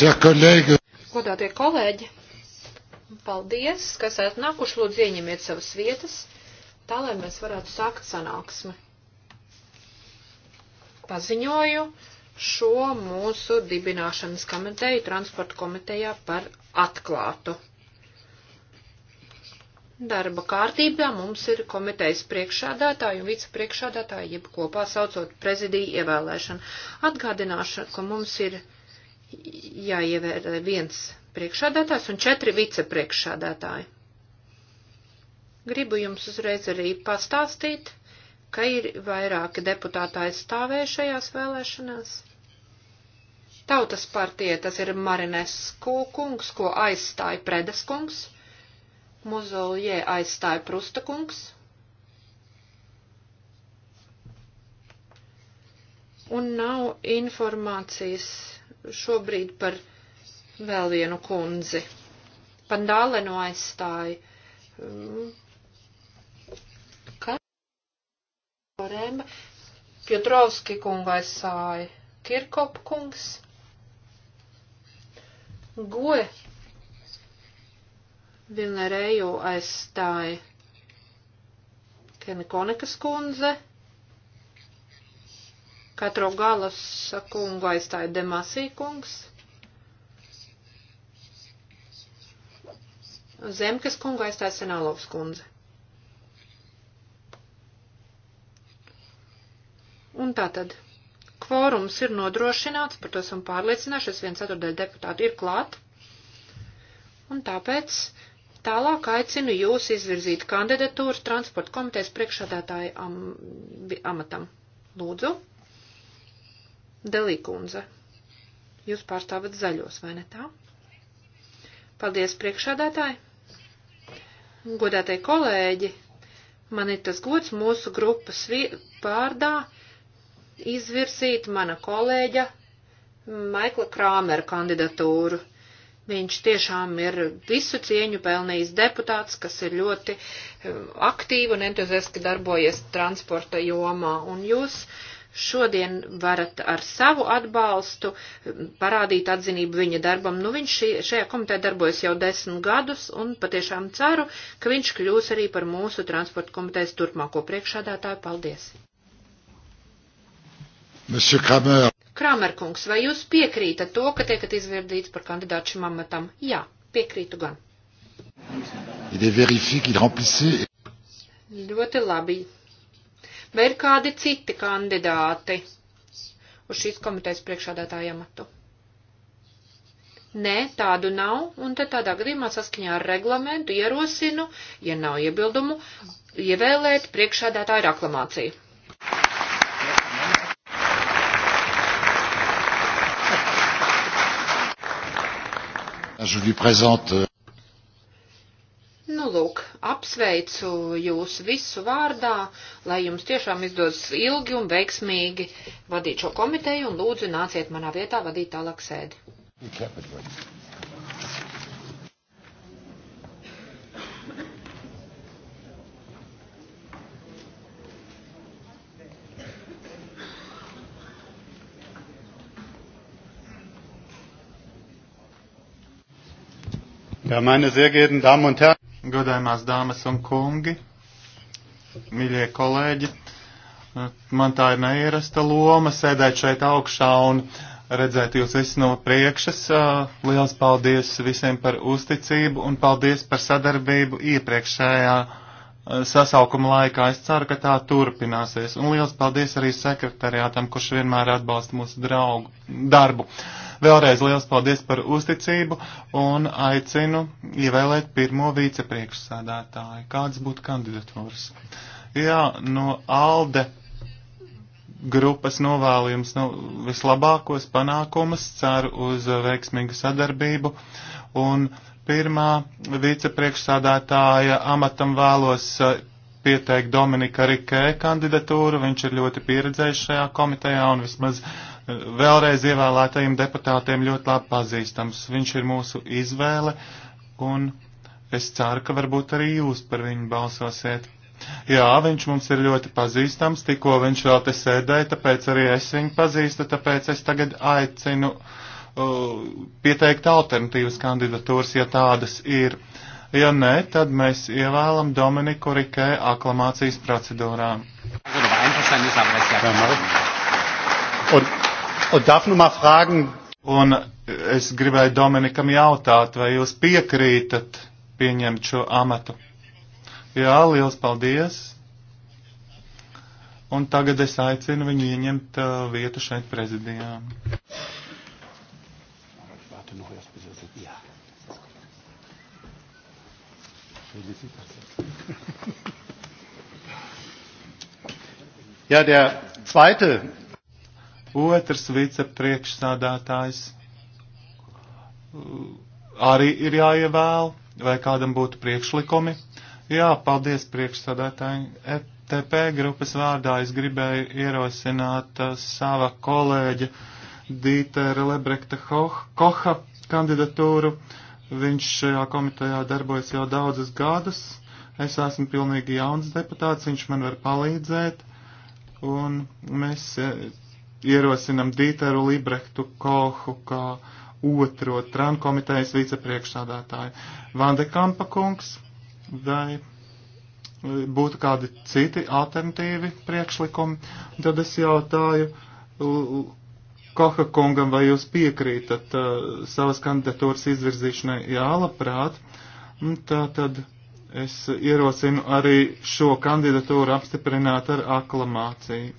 Godātie kolēģi, paldies, kas esat nākuši, lūdzu ieņemiet savas vietas, tā lai mēs varētu sākt sanāksmi. Paziņoju šo mūsu dibināšanas komiteju transporta komitejā par atklātu. Darba kārtībā mums ir komitejas priekšādātāji un vicepriekšādātāji, jeb kopā saucot prezidiju ievēlēšanu. Atgādināšu, ka mums ir jāievērē viens priekšādātājs un četri vicepriekšādātāji. Gribu jums uzreiz arī pastāstīt, ka ir vairāki deputāti aizstāvējušajās vēlēšanās. Tautas partija tas ir Marinesku kungs, ko aizstāja Predes kungs, Muzolie aizstāja Prusta kungs, un nav informācijas šobrīd par vēl vienu kundzi. Pandālenu aizstāja. Um, Kā? Rēma. Piotrovski kunga aizstāja. Kirkop kungs. Goe. Vilnerēju aizstāja. Kenikonekas kundze. Katro galas kungu aizstāja Demasī kungs. Zemkes kungu aizstāja Senālovs kundze. Un tātad kvorums ir nodrošināts, par to esam pārliecinājušies, viens ceturdaļ deputāti ir klāt. Un tāpēc tālāk aicinu jūs izvirzīt kandidatūru transporta komitejas priekšādātāju am, amatam. Lūdzu. Delīkundze, jūs pārstāvat zaļos, vai ne tā? Paldies, priekšādātāji! Godātie kolēģi, man ir tas gods mūsu grupas pārdā izvirsīt mana kolēģa Maikla Krāmera kandidatūru. Viņš tiešām ir visu cieņu pelnījis deputāts, kas ir ļoti eh, aktīvi un entuziastiski darbojies transporta jomā. Un jūs šodien varat ar savu atbalstu parādīt atzinību viņa darbam. Nu, viņš šī, šajā komitē darbojas jau desmit gadus un patiešām ceru, ka viņš kļūs arī par mūsu transporta komitejas turpmāko priekšādātāju. Paldies! Kramer. Kramerkungs, vai jūs piekrītat to, ka tiekat izvirdīts par kandidātu šim amatam? Jā, piekrītu gan. Ļoti labi Vai ir kādi citi kandidāti uz šīs komitejas priekšādātāju amatu? Nē, tādu nav, un tad tādā gadījumā saskaņā ar reglamentu ierosinu, ja nav iebildumu, ievēlēt priekšādātāju aklamāciju. Je lui présente. Euh, apsveicu jūs visu vārdā, lai jums tiešām izdodas ilgi un veiksmīgi vadīt šo komiteju un lūdzu nāciet manā vietā vadīt tālāk sēdi. Ja, meine sehr geehrten Damen und Herren, godājumās dāmas un kungi, miļie kolēģi. Man tā ir neierasta loma sēdēt šeit augšā un redzēt jūs visus no priekšas. Uh, liels paldies visiem par uzticību un paldies par sadarbību iepriekšējā uh, sasaukuma laikā. Es ceru, ka tā turpināsies. Un liels paldies arī sekretariātam, kurš vienmēr atbalsta mūsu draugu darbu. Uh, Vēlreiz liels paldies par uzticību un aicinu ievēlēt pirmo vicepriekšsādātāju. Kādas būtu kandidatūras? Jā, no ALDE grupas novēlu jums nu, vislabākos panākumus, ceru uz veiksmīgu sadarbību un pirmā vicepriekšsādātāja amatam vēlos eh, pieteikt Dominika Rikē kandidatūru. Viņš ir ļoti pieredzējis šajā komitejā un vismaz uh, vēlreiz ievēlētajiem deputātiem ļoti labi pazīstams. Viņš ir mūsu izvēle, un es ceru, ka varbūt arī jūs par viņu balsosiet. Jā, viņš mums ir ļoti pazīstams, tikko viņš vēl te sēdēja, tāpēc arī es viņu pazīstu, tāpēc es tagad aicinu uh, pieteikt alternatīvas kandidatūras, ja tādas ir. Ja nē, tad mēs ievēlam Dominiku Rikē aklamācijas procedūrā. Er- un Un darf nu mal fragen. Un es gribēju Dominikam jautāt, vai jūs piekrītat pieņemt šo amatu? Jā, liels paldies. Un tagad es aicinu viņu ieņemt uh, vietu šeit prezidijā. Ja, der zweite Otrs vicepriekšsādātājs arī ir jāievēl, vai kādam būtu priekšlikumi. Jā, paldies priekšsādātāji. ETP grupas vārdā es gribēju ierosināt uh, sava kolēģa Dītera Lebrekta Koha kandidatūru. Viņš šajā komitejā darbojas jau daudzas gadus. Es esmu pilnīgi jauns deputāts, viņš man var palīdzēt. Un mēs uh, ierosinam Dīteru Librehtu Kohu kā otro trankomitejas vicepriekšsādātāju. Vande Kampa kungs, vai būtu kādi citi alternatīvi priekšlikumi? Tad es jautāju Koha kungam, vai jūs piekrītat uh, savas kandidatūras izvirzīšanai? Jā, labprāt. Mm, tā tad es ierosinu arī šo kandidatūru apstiprināt ar aklamāciju.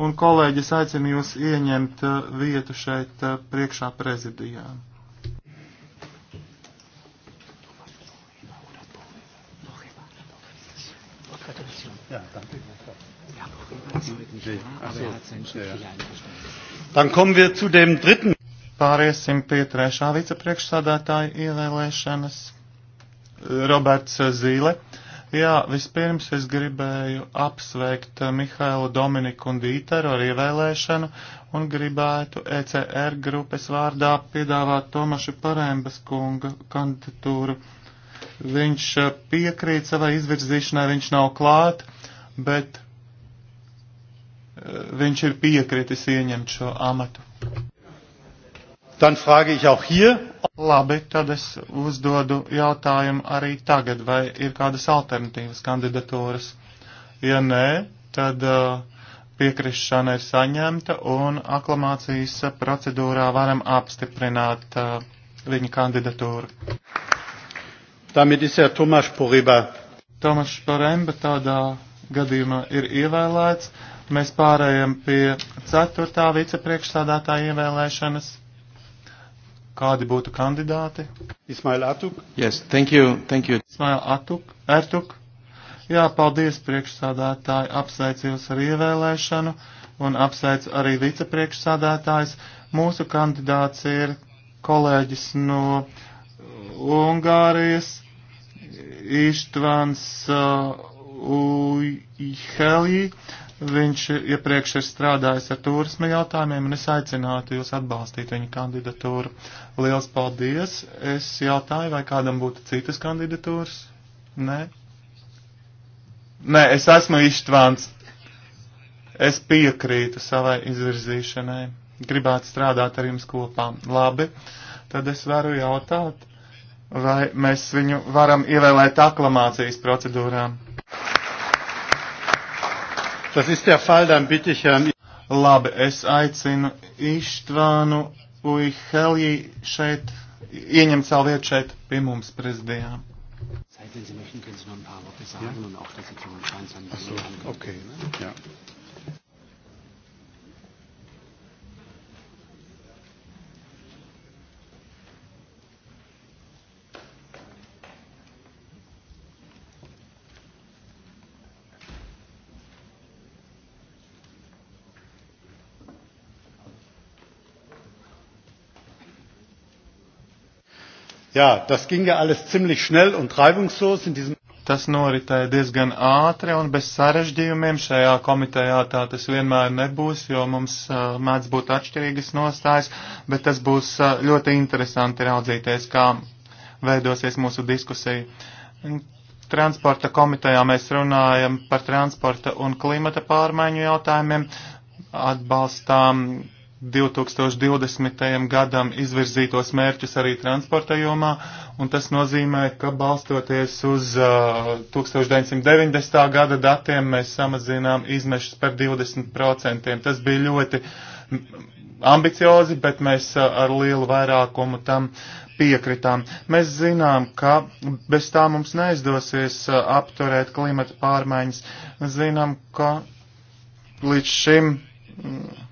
Un kolēģis aicinu jūs ieņemt uh, vietu šeit uh, priekšā prezidijā. Ja, danke. Ja, Dann kommen wir zu dem dritten. Pāriesim pie trešā vicepriekšsādātāja ievēlēšanas. Roberts Zīle. Uh, Jā, vispirms es gribēju apsveikt eh, Mihailu Dominiku un Dīteru ar ievēlēšanu un gribētu ECR grupas vārdā piedāvāt Tomašu Parembas kunga kandidatūru. Viņš eh, piekrīt savai izvirzīšanai, viņš nav klāt, bet eh, viņš ir piekritis ieņemt šo amatu. Dann frage ich auch hier. Labi, tad es uzdodu jautājumu arī tagad, vai ir kādas alternatīvas kandidatūras. Ja nē, tad uh, piekrišana ir saņemta un aklamācijas procedūrā varam apstiprināt uh, viņa kandidatūru. Damit ist Herr Tomas Poreba. Tomas Poreba tādā gadījumā ir ievēlēts. Mēs pārējām pie ceturtā vicepriekšsādātāja ievēlēšanas. Kādi būtu kandidāti? Ismail Atuk. Yes, thank you, thank you. Ismail Atuk, Ertuk. Jā, paldies priekšsādātāji, apsveicu jūs ar ievēlēšanu un apsveicu arī vicepriekšsādātājs. Mūsu kandidāts ir kolēģis no uh, Ungārijas, Ištvans uh, Uhelji. Uh, Viņš iepriekš ir strādājis ar turisma jautājumiem, un es aicinātu jūs atbalstīt viņa kandidatūru. Liels paldies! Es jautāju, vai kādam būtu citas kandidatūras? Nē? Nē, es esmu Ištvāns. Es piekrītu savai izvirzīšanai. Gribētu strādāt ar jums kopā. Labi, tad es varu jautāt, vai mēs viņu varam ievēlēt aklamācijas procedūrām. Tas ir der Fall, dann bitte ich Herrn. Labi, es aicinu Ištvānu Uihelji šeit, ieņemt savu vietu šeit pie mums prezidijā. Zeit, wenn Sie möchten, können Sie noch ein paar Worte sagen ja? und auch, dass Sie zum Schein sein. Ach so, okay. Ne? Ja. Jā, tas ginga alles ziemlich schnell un reibungslos in diesem. Tas noritēja diezgan ātri un bez sarežģījumiem. Šajā komitejā tā tas vienmēr nebūs, jo mums uh, mēdz būt atšķirīgas nostājas, bet tas būs uh, ļoti interesanti raudzīties, kā veidosies mūsu diskusija. Transporta komitejā mēs runājam par transporta un klimata pārmaiņu jautājumiem, atbalstām 2020. gadam izvirzītos mērķus arī transporta jomā, un tas nozīmē, ka balstoties uz uh, 1990. gada datiem mēs samazinām izmešus par 20%. Tas bija ļoti ambiciozi, bet mēs uh, ar lielu vairākumu tam piekritām. Mēs zinām, ka bez tā mums neizdosies uh, apturēt klimata pārmaiņas. Mēs zinām, ka līdz šim. Mm,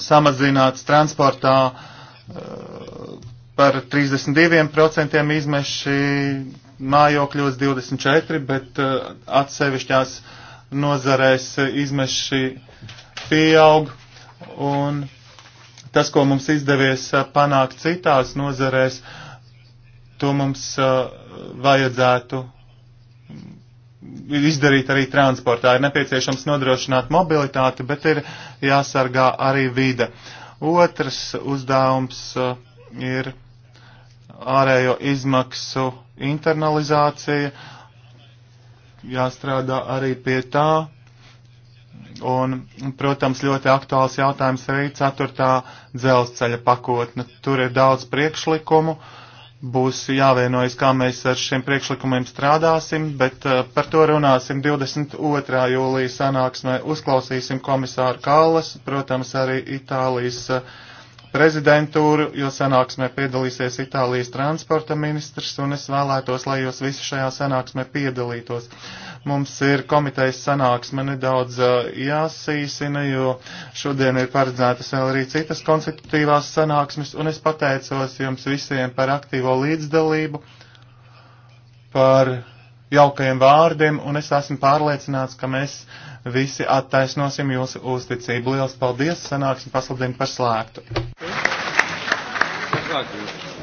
samazināts transportā eh, par 32% izmeši mājokļos 24, bet eh, atsevišķās nozarēs izmeši pieaug. Un tas, ko mums izdevies eh, panākt citās nozarēs, to mums vajadzētu izdarīt arī transportā. Ir nepieciešams nodrošināt mobilitāti, bet ir jāsargā arī vide. Otrs uzdevums uh, ir ārējo izmaksu internalizācija. Jāstrādā arī pie tā. Un, protams, ļoti aktuāls jautājums arī ceturtā dzelzceļa pakotne. Tur ir daudz priekšlikumu. Uh, būs jāvienojas, kā mēs ar šiem priekšlikumiem strādāsim, bet eh, par to runāsim 22. jūlijas sanāksmē. Uzklausīsim komisāru Kālas, protams, arī Itālijas uh, prezidentūru, jo sanāksmē piedalīsies Itālijas transporta ministrs, un es vēlētos, lai jūs visi šajā sanāksmē piedalītos. Mums ir komitejas sanāksme nedaudz uh, jāsīsina, jo šodien ir paredzētas vēl arī citas konstitutīvās sanāksmes, un es pateicos jums visiem par aktīvo līdzdalību, par jaukajiem vārdiem, un es esmu pārliecināts, ka mēs visi attaisnosim jūsu uzticību. Lielas paldies! Sanāksim pasludinu par slēgtu. Thank you.